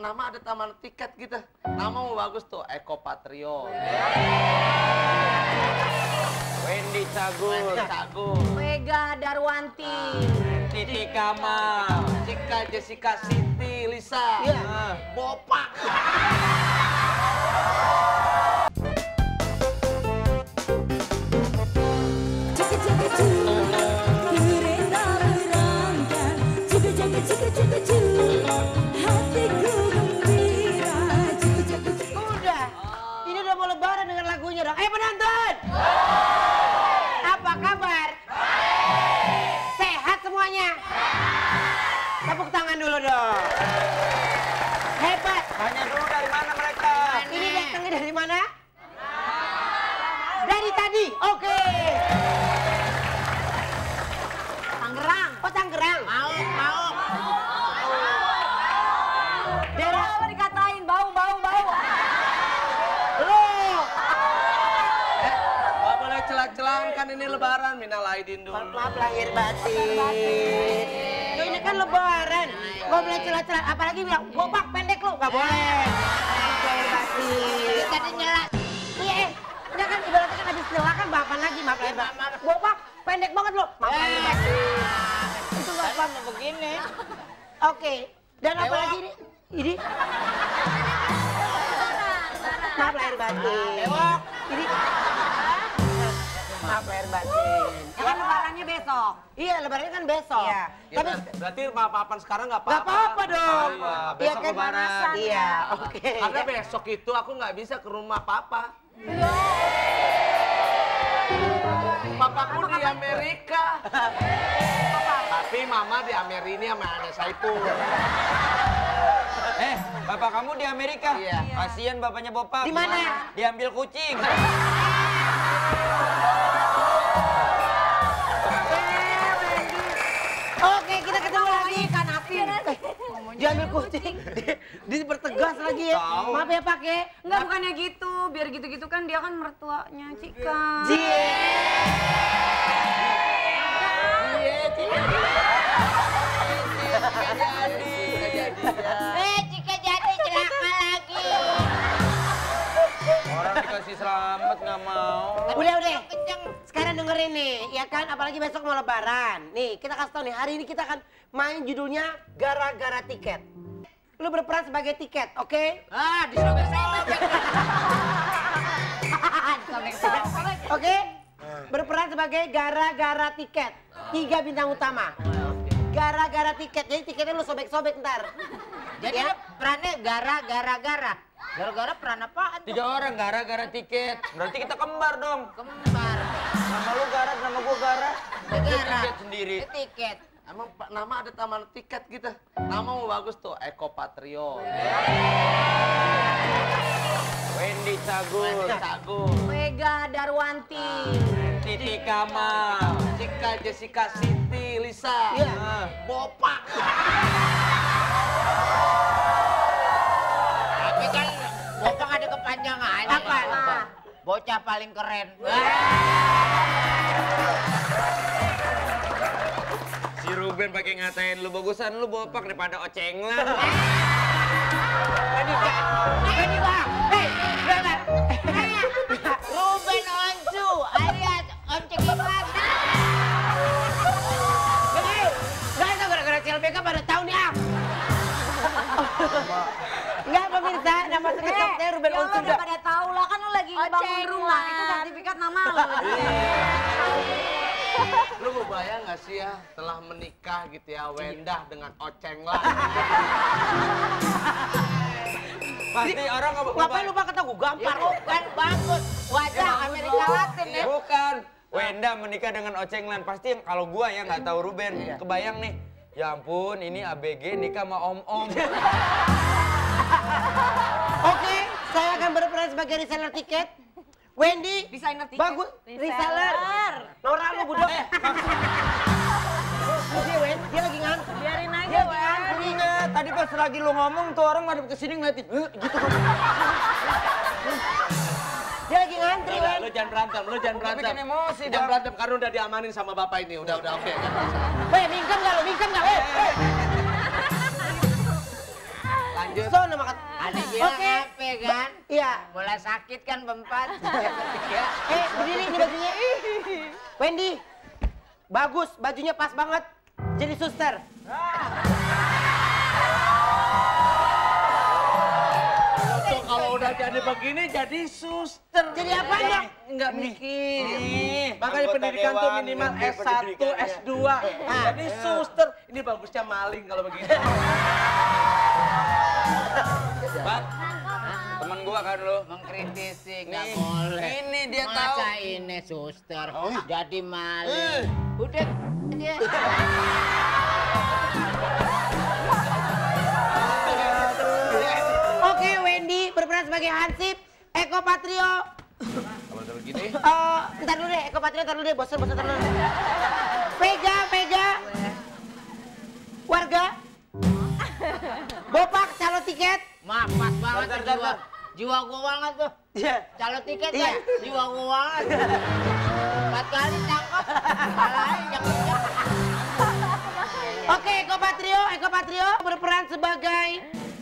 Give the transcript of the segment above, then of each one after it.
nama ada taman tiket gitu. Nama mau bagus tuh, Eko Patrio. Wendy Cagur. Wendy Cagur. Mega Darwanti. Titi Kamal. Cika Jessica Siti Lisa. Yeah. Bopak. Sukabumi. Oke. Okay. Tangerang. Oh, Tangerang. Mau, mau. Daerah apa dikatain bau, bau, bau. Lo. gak boleh celak celak kan ini lebaran minal aidin dulu. Maaf lahir batin. Ini kan lebaran. gak boleh celak-celak apalagi bilang gopak pendek lo gak boleh. Lahir batin. Jadi nyelak silakan bapak lagi maaf ya bapak. Bapak pendek banget loh. Maaf ya. Eh, itu bapak apa begini. Oke. Dan apa lagi ini? Ini. Maaf lahir batin. Ah, ini. Maaf lahir batin. kan lebarannya besok. Iya, lebarannya kan besok. Iya. iya Tapi iya, berarti maaf-maafan sekarang nggak apa-apa. Nggak apa-apa dong. Iya, besok iya, kan? lebaran. Iya, oke. Karena besok itu aku nggak bisa ke rumah papa. Iya. Bapakku di Amerika. Tapi mama di Amerika ini sama anak Saipul. Eh, bapak kamu di Amerika? Iya. Kasian bapaknya bapak Di mana? Diambil kucing. Oke, kita ketemu lagi kan iya, Afin. Diambil kucing. di keras lagi ya. Tau. Maaf ya Pak ya. Enggak bukannya gitu. Biar gitu-gitu kan dia kan mertuanya Cika. Jee. Iya. Iya, iya, Cika. jadi. Eh, lagi. Orang dikasih selamat nggak mau. Udah, udah. Sekarang dengerin nih, ya kan? Apalagi besok mau lebaran. Nih, kita kasih tau nih, hari ini kita akan main judulnya Gara-Gara Tiket lu berperan sebagai tiket, oke? Okay? Ah, disobek-sobek. disobek-sobek. Oke? Okay? Berperan sebagai gara-gara tiket. Tiga bintang utama. Gara-gara tiket. Jadi tiketnya lu sobek-sobek ntar. Jadi ya? perannya gara-gara-gara. Gara-gara peran apaan? Tiga orang gara-gara tiket. Berarti kita kembar dong. Kembar. Nama lu gara, nama gua gara. Gara. Tiket sendiri. Tiket. Emang Pak Nama ada taman tiket gitu? Nama mau bagus tuh, Eko Patrio. Wendy Cagur. Wendy Cagur. Mega Darwanti. Titi Kamal. Cika Jessica Siti Lisa. Iya. Ah. Bopak. Tapi kan Bopak ada kepanjangan. Apa? apa? Bocah paling keren. Iya. Si Ruben pakai ngatain lu bagusan lu bopak daripada lah. Ini bang, ini bang, hei, berapa? Ruben alias Onceng Ipan. Ah. Ruben ya tahu lah, kan lu lagi bangun rumah, itu sertifikat nama lu. Iya. Lu mau bayang gak sih ya telah menikah gitu ya Wendah dengan Oceng lah. Pasti orang ngomong Ngapain lupa kata gue gampar? Ya, bukan kan bagus. Wajah ya, Amerika Latin ya. ya. Bukan. Wenda menikah dengan Oceng Lan. Pasti kalau gua ya nggak tahu Ruben. ya. Kebayang nih. Ya ampun, ini ABG nikah sama om-om. Oke, saya akan berperan sebagai reseller tiket. Wendy. Desainer tiket. Bagus. Reseller. Nora lu budok. Dia Wen, dia lagi ngantuk. Biarin aja dia lagi Ngantuk, ingat. Tadi pas lagi lu ngomong tuh orang madep kesini ngeliatin. Eh, gitu kan. dia lagi ngantri Wen. Lu jangan berantem, lo jangan berantem. Bikin emosi Jangan berantem karena udah diamanin sama bapak ini. Udah, udah oke. Okay. Weh, mingkem gak lo, Mingkem gak? Weh, lanjut sono makan ada bilang okay. apa kan iya bola sakit kan pempat eh berdiri ini bajunya Wendy bagus bajunya pas banget jadi suster kalau udah jadi begini jadi suster. Jadi apa ya? Enggak mikir. Makanya pendidikan tuh minimal S1, S2. Ya. Jadi nah. suster. Ini bagusnya maling kalau begini. Bang, temen gua kan lu mengkritisi nggak boleh. Ini dia Masa tahu. Masa ini suster oh. Iya. jadi maling. Uh. Udah dia. Oke Wendy berperan sebagai Hansip, Eko Patrio. Kalau udah begini. Uh, ntar dulu deh, Eko Patrio ntar dulu deh, bosan bosan ntar dulu. Pegang Bopak calon tiket. Maaf, pas banget bentar, jiwa. Bentar. Jiwa gua banget tuh. Iya. Calon tiket iya. ya, jiwa gua banget. Empat kali cakep. Oke, Eko Patrio, Eko Patrio berperan sebagai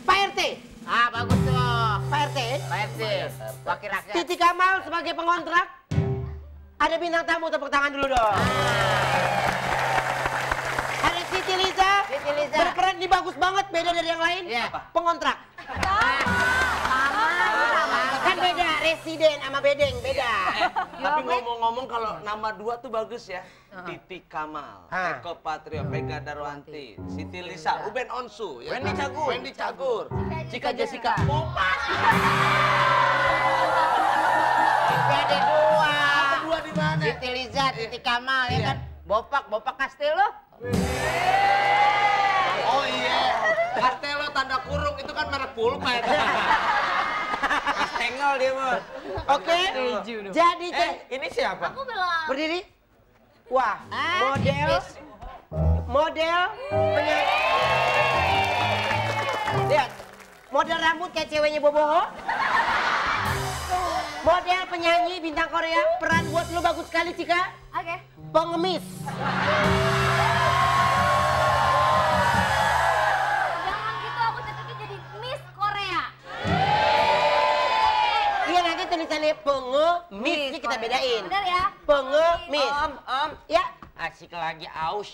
Pak RT. Ah, bagus tuh. Pak RT. Pak RT. Wakil rakyat. Titi Kamal sebagai pengontrak. Ada bintang tamu tepuk tangan dulu dong. Ah si Liza. Berperan ini bagus banget, beda dari yang lain. Yeah. Apa? Pengontrak. Sama, sama. Kan beda, residen sama bedeng, beda. Iya. Eh, tapi ngomong-ngomong kalau nama dua tuh bagus ya. Titi Kamal, Eko Patrio, hmm. Vega Darwanti, Siti iya. Lisa, Uben Onsu, ya Wendy Cagur, Wendy Cagur, Cika Jessica, Popa. Ada dua. Dua di mana? Siti Liza, Titi eh, Kamal, ya iya. kan? Bopak, bopak kastil lo. Yeah. pulpen. Astengel dia mah. Oke. Okay. Jadi eh, ini siapa? Aku belum. Berdiri. Wah, ah, model model penyanyi. Lihat. Model rambut kayak ceweknya Boboho. Model penyanyi bintang Korea, peran buat lu bagus sekali, Cika. Oke. Okay. Pengemis. namanya pengemis, ini kita bedain. Benar ya? Pengemis. Om, om. Ya. Asik lagi aus.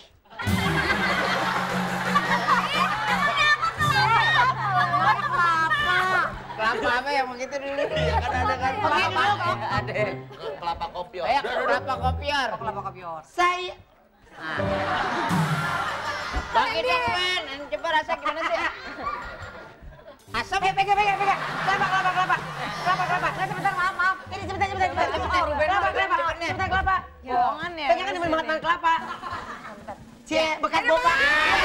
Kelapa apa ya, yang begitu dulu? Iya, kan ada kan kelapa. Ada ya? kelapa kopior. Ayo, kelapa kopior. Oh, kelapa kopior. Saya nah. Bagi Idong men, coba rasa gimana sih? Asam. Ya, pegang, pegang, pegang. Kelapa, kelapa, kelapa. Kelapa, kelapa. Nanti bentar, cepetan cepetan cepetan. Ruben kelapa kelapa cepetan kelapa. Bohongan ya. Tanya kan banget kelapa. Cie, bekas boba.